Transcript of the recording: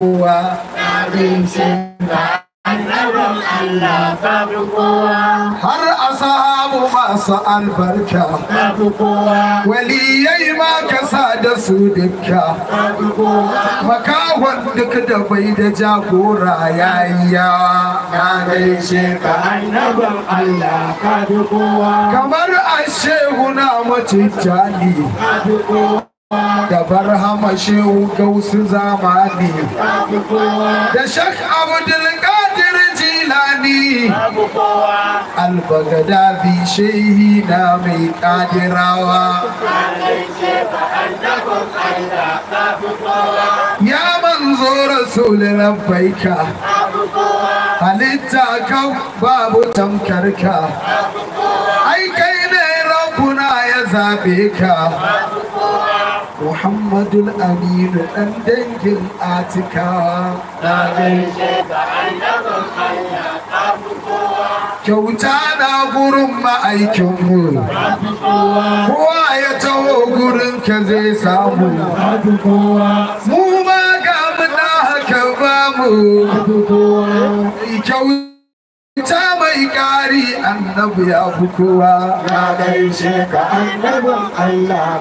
har a da Allah kowa har masu albarka kowa waliyai ma kasa da su dukka babu kowa duk da bai da jagora yayi yawa na gaishe ka annabin Allah babu kowa kamar a shehu na mutunta ne kowa da barhama shehu gausu zamani da shak abdulkadir jilani albagadabi shehi na mai kadirawa ya manzo rasul faika. halitta kan babu tamkarka ai kai ne rabbuna ya zabe ka Muhammadu Aminu ɗan dangin Atika. Na gaishe da annabin hanya ta kowa. Kyauta na gurin ma'aikinmu. Kowa ya taho gurin ka zai samu. Mu ma ga muna haka ba Kyauta mai kari annabu ya fi Na gaishe ka annabin Allah